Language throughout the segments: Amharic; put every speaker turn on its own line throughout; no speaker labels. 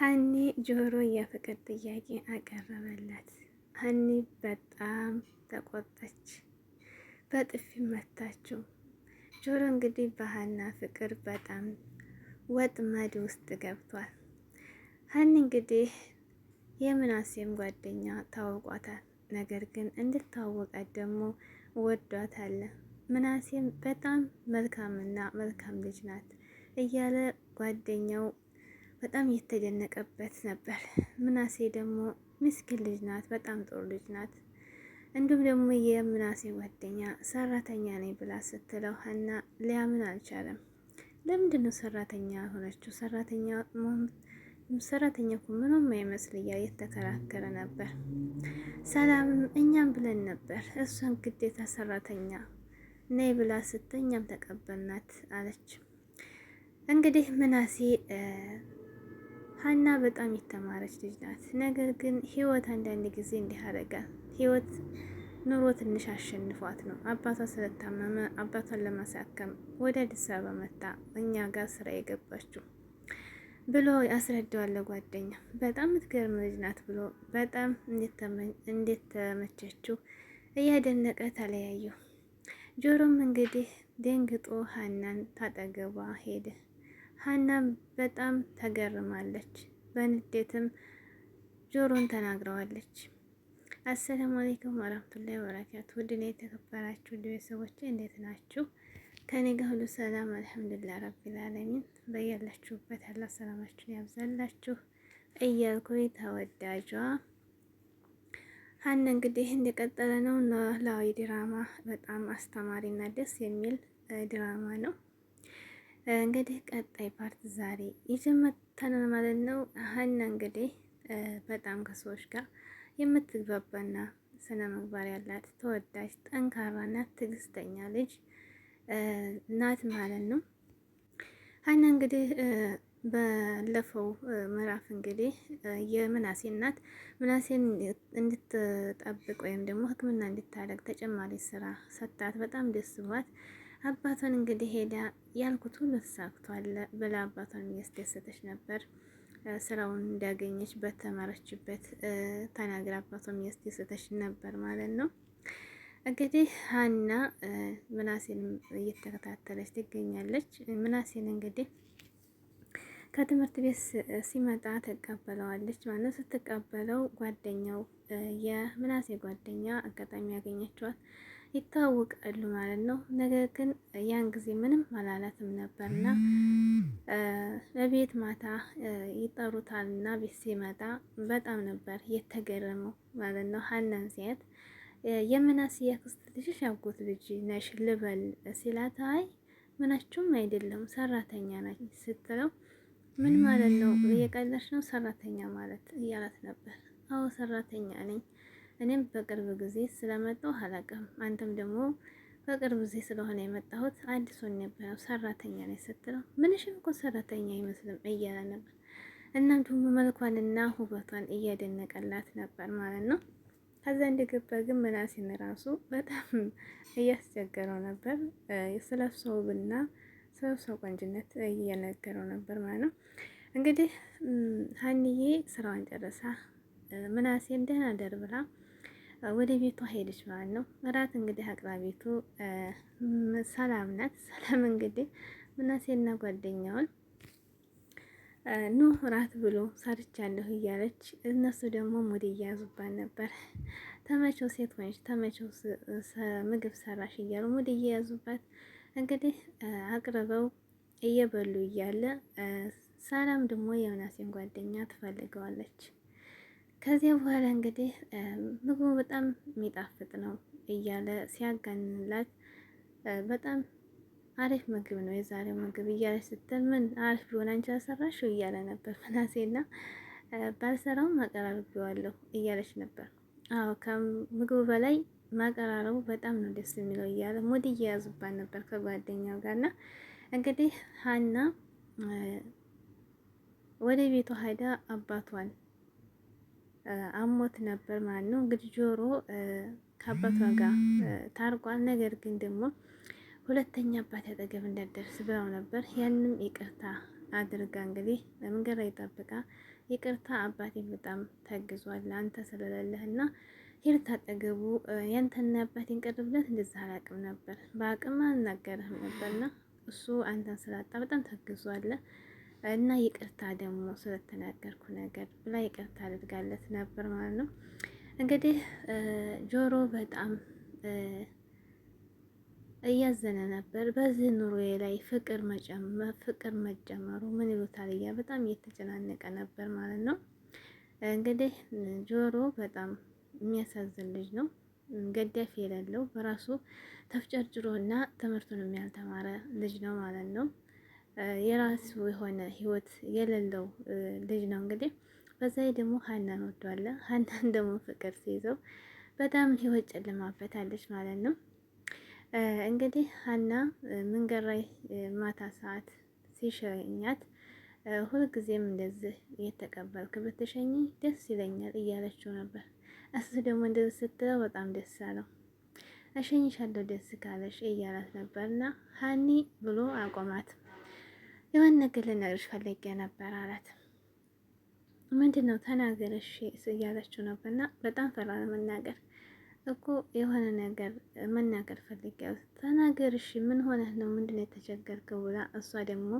ሀኒ ጆሮ የፍቅር ጥያቄ አቀረበላት። ሀኒ በጣም ተቆጣች፣ በጥፊ መታችው። ጆሮ እንግዲህ በሀና ፍቅር በጣም ወጥመድ ውስጥ ገብቷል። ሀኒ እንግዲህ የምናሴም ጓደኛ ታውቋታል። ነገር ግን እንድታወቃት ደግሞ አለ። ምናሴም በጣም መልካምና መልካም ልጅ ናት እያለ ጓደኛው በጣም የተደነቀበት ነበር። ምናሴ ደግሞ ምስኪን ልጅ ናት፣ በጣም ጥሩ ልጅ ናት። እንዲሁም ደግሞ የምናሴ ጓደኛ ሰራተኛ ነኝ ብላ ስትለው ሀና ሊያምን አልቻለም። ለምንድን ነው ሰራተኛ ሆነችው? ሰራተኛ ሰራተኛ እኮ ምንም አይመስል እያለ የተከራከረ ነበር። ሰላምም እኛም ብለን ነበር እሷን ግዴታ ሰራተኛ ነይ ብላ ስትል እኛም ተቀበልናት አለች። እንግዲህ ምናሴ ሀና በጣም የተማረች ልጅ ናት። ነገር ግን ህይወት አንዳንድ ጊዜ እንዲህ አደረጋት። ህይወት ኑሮ ትንሽ አሸንፏት ነው። አባቷ ስለታመመ አባቷን ለማሳከም ወደ አዲስ አበባ መጣ እኛ ጋር ስራ የገባችው ብሎ ያስረዳዋል ጓደኛ። በጣም የምትገርም ልጅ ናት ብሎ በጣም እንዴት ተመቸችው እያደነቀ ተለያዩ። ጆሮም እንግዲህ ደንግጦ ሀናን ታጠገቧ ሄደ። ሀና በጣም ተገርማለች። በንዴትም ጆሮን ተናግረዋለች። አሰላሙ አለይኩም ወራህመቱላሂ ወበረካቱ። ውድና የተከበራችሁ ቤተሰቦች እንዴት ናችሁ? ከኔ ጋር ሁሉ ሰላም አልሐምዱሊላህ ረቢል ዓለሚን። በያላችሁበት አላህ ሰላማችሁን ያብዛላችሁ እያልኩኝ ተወዳጇ ሀና እንግዲህ እንደቀጠለ ነው። ኖላዊ ድራማ በጣም አስተማሪና ደስ የሚል ድራማ ነው። እንግዲህ ቀጣይ ፓርት ዛሬ የጀመተን ማለት ነው። ሀና እንግዲህ በጣም ከሰዎች ጋር የምትግባባና ስነ ምግባር ያላት ተወዳጅ፣ ጠንካራና ትዕግስተኛ ልጅ ናት ማለት ነው። ሀና እንግዲህ ባለፈው ምዕራፍ እንግዲህ የምናሴ እናት ምናሴን እንድትጠብቅ ወይም ደግሞ ሕክምና እንድታደርግ ተጨማሪ ስራ ሰጣት። በጣም ደስ ብሏት አባቷን እንግዲህ ሄዳ ያልኩት ሁሉ ተሳክቷል ብላ አባቷን እያስደሰተች ነበር። ስራውን እንዳገኘች በተማረችበት ተናግራ አባቷን እያስደሰተች ነበር ማለት ነው። እንግዲህ ሀና ምናሴን እየተከታተለች ትገኛለች። ምናሴን እንግዲህ ከትምህርት ቤት ሲመጣ ትቀበለዋለች ማለት ነው። ስትቀበለው ጓደኛው የምናሴ ጓደኛ አጋጣሚ ያገኘችዋል። ይታወቃሉ ማለት ነው። ነገር ግን ያን ጊዜ ምንም አላላትም ነበርና በቤት ማታ ይጠሩታልና ቤት ሲመጣ በጣም ነበር የተገረመው ማለት ነው። ሀናን ሲያት የምናስ የክስት ልጅሽ ያጎት ልጅ ነሽ ልበል ሲላት አይ ምናችሁም አይደለም ሰራተኛ ናት ስትለው ምን ማለት ነው? እየቀለሽ ነው ሰራተኛ ማለት እያላት ነበር። አዎ ሰራተኛ ነኝ እኔም በቅርብ ጊዜ ስለመጣሁ አላውቅም። አንተም ደግሞ በቅርብ ጊዜ ስለሆነ የመጣሁት አዲስ ሆኜ ነበረ ሰራተኛ ነኝ ስትለው ምንሽም እኮ ሰራተኛ አይመስልም እያለ ነበር። እናም ደግሞ መልኳንና ውበቷን እያደነቀላት ነበር ማለት ነው። ከዛ እንደገባ ግን ምናሴን ራሱ በጣም እያስቸገረው ነበር። ስለሷ ውብና ቆንጅነት እየነገረው ነበር ማለት ነው። እንግዲህ ሀኒዬ ስራዋን ጨርሳ ምናሴን ደህና ደር ብላ ወደ ቤቷ ሄደች ማለት ነው። እራት እንግዲህ አቅራቢቱ ሰላም ናት። ሰላም እንግዲህ ምናሴና ጓደኛውን ኑ እራት ብሎ ሰርቻለሁ እያለች እነሱ ደግሞ ሙድ እየያዙባት ነበር። ተመቸው ሴት ሆነች፣ ተመቸው ምግብ ሰራሽ እያሉ ሙድ እየያዙባት እንግዲህ አቅርበው እየበሉ እያለ ሰላም ደግሞ የምናሴን ጓደኛ ትፈልገዋለች። ከዚያ በኋላ እንግዲህ ምግቡ በጣም የሚጣፍጥ ነው እያለ ሲያጋንንላት በጣም አሪፍ ምግብ ነው የዛሬው ምግብ እያለች ስትል ምን አሪፍ ቢሆን አንቺ አሰራሽው እያለ ነበር ምናሴና ባልሰራው አቀራርቤዋለሁ እያለች ነበር። አዎ ከምግቡ በላይ ማቀራረቡ በጣም ነው ደስ የሚለው እያለ ሙድ እየያዙባት ነበር ከጓደኛው ጋርና እንግዲህ ሀና ወደ ቤቷ ሄዳ አባቷን አሞት ነበር ማለት ነው። እንግዲህ ጆሮ ከአባቷ ጋር ታርቋል። ነገር ግን ደግሞ ሁለተኛ አባት ያጠገብ እንዳደርስ ብለው ነበር። ያንም ይቅርታ አድርጋ እንግዲህ በመንገድ ላይ ጠብቃ ይቅርታ አባቴ በጣም ተግዟል አንተ ስለሌለህና ሄድ ታጠገቡ ያንተና አባቴን ቀርብለት እንደዛ አላቅም ነበር በአቅም አልናገርህም ነበርና እሱ አንተን ስላጣ በጣም ተግዟል። እና ይቅርታ ደግሞ ስለተናገርኩ ነገር ብላ ይቅርታ አድርጋለት ነበር ማለት ነው። እንግዲህ ጆሮ በጣም እያዘነ ነበር። በዚህ ኑሮዬ ላይ ፍቅር መጨመር ፍቅር መጨመሩ ምን ይሉታል እያ በጣም እየተጨናነቀ ነበር ማለት ነው። እንግዲህ ጆሮ በጣም የሚያሳዝን ልጅ ነው። ገዳፊ የሌለው በራሱ ተፍጨርጭሮና ትምህርቱን ያልተማረ ልጅ ነው ማለት ነው። የራሱ የሆነ ህይወት የሌለው ልጅ ነው እንግዲህ በዛ ደግሞ ሀናን ወዷለ። ሀናን ደግሞ ፍቅር ሲይዘው በጣም ህይወት ጨልማበታለች ማለት ነው። እንግዲህ ሀና ምንገራይ ማታ ሰዓት ሲሸኛት ሁልጊዜም እንደዚህ እየተቀበልክ ብትሸኝ ደስ ይለኛል እያለችው ነበር። እሱ ደግሞ እንደዚህ ስትለው በጣም ደስ አለው። እሸኝሻለሁ ደስ ካለሽ እያላት ነበርና ሀኒ ብሎ አቆማት። የሆነ ነገር ልነግርሽ ፈልጌ ነበር አላት። ምንድን ነው ተናገረሽ? እያለችው ነበርና በጣም ፈራ መናገር እኮ የሆነ ነገር መናገር ፈልጌ ተናገርሽ፣ ምን ሆነ ነው ምንድን ነው የተቸገርከው ብላ እሷ ደግሞ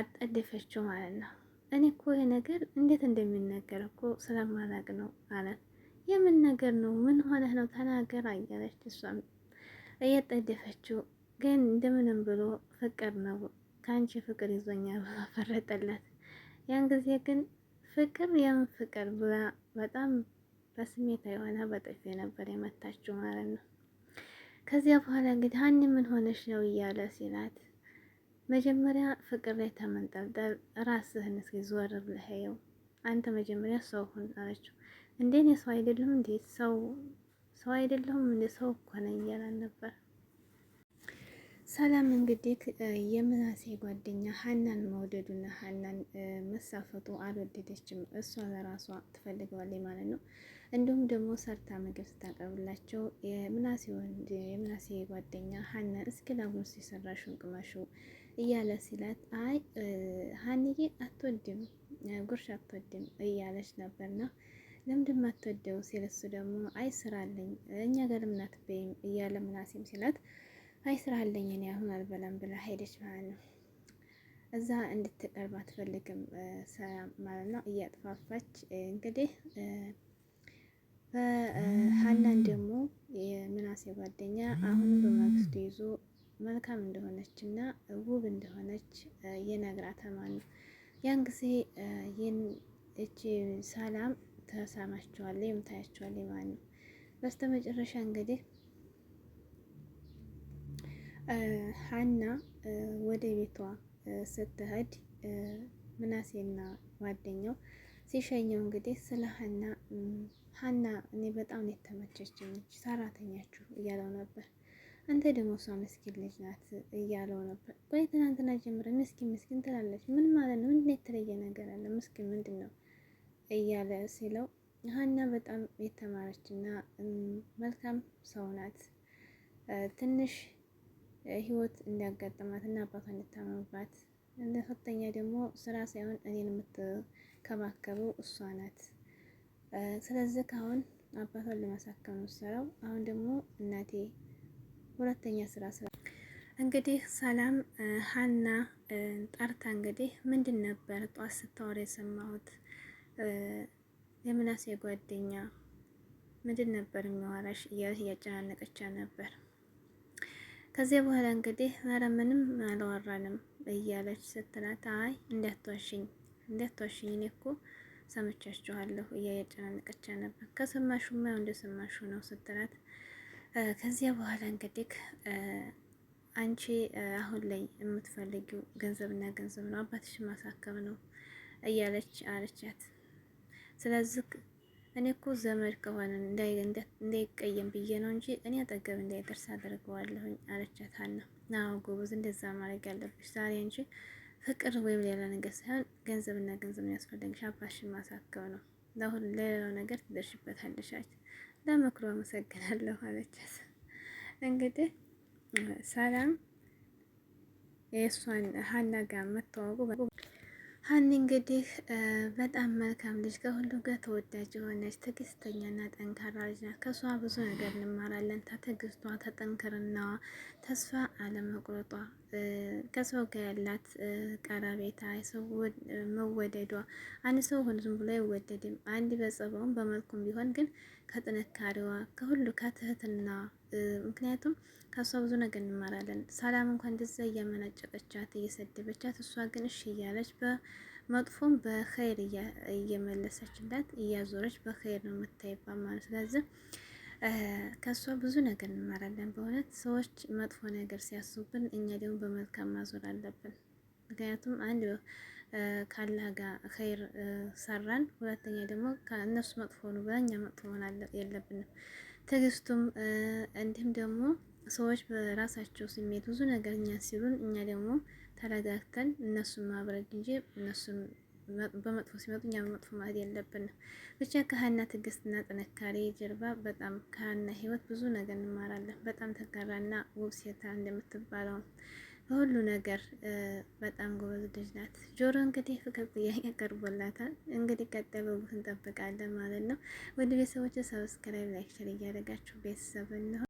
አጠደፈችው ማለት ነው። እኔ እኮ ይሄ ነገር እንዴት እንደሚነገር እኮ ስለማላቅ ነው አላት። የምን ነገር ነው? ምን ሆነ ነው ተናገር አያለች እሷም እያጠደፈችው ግን እንደምንም ብሎ ፍቅር ነው ከአንቺ ፍቅር ይዞኛል ብሎ ፈረጠለት ያን ጊዜ ግን ፍቅር የምን ፍቅር ብላ በጣም በስሜት የሆነ በጥፊ ነበር የመታችው ማለት ነው። ከዚያ በኋላ እንግዲህ ሀኒ ምን ሆነሽ ነው እያለ ሲላት መጀመሪያ ፍቅር ላይ ተመንጠልጠል ራስህን እስኪ ዞር ብለህ ይኸው አንተ መጀመሪያ ሰው ሁን አለችው። እንዴ እኔ ሰው አይደለሁም እንዴ ሰው ሰው አይደለሁም እንደ ሰው እኮ ነኝ እያላን ነበር ሰላም እንግዲህ የምናሴ ጓደኛ ሀናን መውደዱና ሀናን መሳፈቱ አልወደደችም። እሷ ለራሷ ትፈልገዋለች ማለት ነው። እንዲሁም ደግሞ ሰርታ ምግብ ስታቀርብላቸው የምናሴ ጓደኛ ሀናን እስኪ ላጉርስ የሰራሽውን ቅመሹ እያለ ሲላት፣ አይ ሀንዬ አትወድም ጉርሽ አትወድም እያለች ነበርና ለምንድን አትወደው ሲል እሱ ደግሞ አይ ስራለኝ እኛ ጋር ምናትበይም እያለ ምናሴም ሲላት አይ ስራ አለኝ እኔ አሁን አልበላም ብላ ሄደች ማለት ነው። እዛ እንድትቀርብ አትፈልግም ሰላም ማለት ነው። እያጥፋፋች እንግዲህ በሀናን ደግሞ የምናሴ ጓደኛ አሁን በማግስቱ ይዞ መልካም እንደሆነች እና ውብ እንደሆነች ይነግራታል ማለት ነው። ያን ጊዜ ይህን እቺ ሰላም ተሳማችኋለሁ የምታያችኋለሁ ማለት ነው። መጨረሻ እንግዲህ ሀና ወደ ቤቷ ስትሄድ ምናሴና ጓደኛው ሲሸኘው እንግዲህ ስለ ሀና ሀና እኔ በጣም ነው የተመቸችኝ ሰራተኛችሁ እያለው ነበር። አንተ ደግሞ እሷ ምስኪን ልጅ ናት እያለው ነበር። ወይ ትናንትና ጀምረ ምስኪን ምስኪን ትላለች። ምን ማለት ነው? ምንድን የተለየ ነገር አለ? ምስኪን ምንድን ነው እያለ ሲለው ሀና በጣም የተማረች እና መልካም ሰው ናት ትንሽ ህይወት እንዲያጋጥማት እና አባቷ እንድታመምባት እንደ ሶስተኛ ደግሞ ስራ ሳይሆን እኔን የምትከባከበው እሷ ናት። ስለዚህ ካሁን አባቷን ለማሳከም የምትሰራው አሁን ደግሞ እናቴ ሁለተኛ ስራ ስራ እንግዲህ ሰላም ሀና ጠርታ እንግዲህ ምንድን ነበር ጧት ስታወር የሰማሁት የምናሴ ጓደኛ ምንድን ነበር የሚዋራሽ እያለች እያጨናነቀቻ ነበር። ከዚያ በኋላ እንግዲህ ኧረ ምንም አላወራንም እያለች ስትላት፣ አይ እንዳትዋሽኝ እንዳትዋሽኝ እኔ እኮ ሰምቻችኋለሁ እያጨናነቀች ነበር። ከሰማሹማ ያው እንደሰማሹ ነው ስትላት፣ ከዚያ በኋላ እንግዲህ አንቺ አሁን ላይ የምትፈልጊው ገንዘብና ገንዘብ ነው፣ አባትሽ ማሳከብ ነው እያለች አለቻት። ስለዚህ እኔ እኮ ዘመድ ከሆነ እንዳይቀየም ብዬ ነው እንጂ እኔ አጠገብ እንዳይደርስ አደርገዋለሁኝ አለቻት ሀና። አዎ ጎበዝ፣ እንደዛ ማድረግ ያለብሽ ዛሬ እንጂ ፍቅር ወይም ሌላ ነገር ሳይሆን ገንዘብና ገንዘብ ያስፈልግሽ፣ አባሽን ማሳከብ ነው። ለአሁን ለሌላው ነገር ትደርሽበታለሽ። አለች። ለምክሩ አመሰግናለሁ አለቻት። እንግዲህ ሰላም የእሷን ሀና ጋር መተዋወቁ ሀኒ እንግዲህ በጣም መልካም ልጅ ከሁሉ ጋር ተወዳጅ የሆነች ትዕግስተኛና ጠንካራ ልጅ ናት። ከሷ ብዙ ነገር እንማራለን። ተትዕግስቷ፣ ተጠንክርናዋ፣ ተስፋ አለመቁረጧ ከሰው ጋር ያላት ቀረቤታ ሰው መወደዷ፣ አንድ ሰው ሆኖ ዝም ብሎ አይወደድም። አንድ በጸባውም በመልኩም ቢሆን ግን ከጥንካሬዋ ከሁሉ ከትህትና፣ ምክንያቱም ከእሷ ብዙ ነገር እንማራለን። ሰላም እንኳን እንደዛ እያመናጨቀቻት እየሰደበቻት፣ እሷ ግን እሺ እያለች በመጥፎም በኸይር እየመለሰችላት እያዞረች በኸይር ነው የምታይባ ማለት ስለዚህ ከእሷ ብዙ ነገር እንማራለን። በእውነት ሰዎች መጥፎ ነገር ሲያስቡብን፣ እኛ ደግሞ በመልካም ማዞር አለብን። ምክንያቱም አንድ ከአላህ ጋር ኸይር ሰራን፣ ሁለተኛ ደግሞ ከእነሱ መጥፎ ነው ብለን እኛ መጥፎ መሆን የለብንም። ትዕግስቱም እንዲሁም ደግሞ ሰዎች በራሳቸው ስሜት ብዙ ነገር እኛ ሲሉን፣ እኛ ደግሞ ተረጋግተን እነሱን ማብረድ እንጂ እነሱን በመጥፎ ሲመጡ እኛ በመጥፎ ማለት የለብንም። ብቻ ከሀና ትዕግስትና ጥንካሬ ጀርባ በጣም ከሀና ህይወት ብዙ ነገር እንማራለን። በጣም ተጋራና ውብ ሴታ እንደምትባለው በሁሉ ነገር በጣም ጎበዝ ልጅ ናት። ጆሮ እንግዲህ ፍቅር ጥያቄ ቀርቦላታል። እንግዲህ ቀጣይ በቡት እንጠብቃለን ማለት ነው። ወደ ቤተሰቦች ሰብስክራይብ፣ ላይክ፣ ሸር እያደረጋችሁ ቤተሰብ ነው።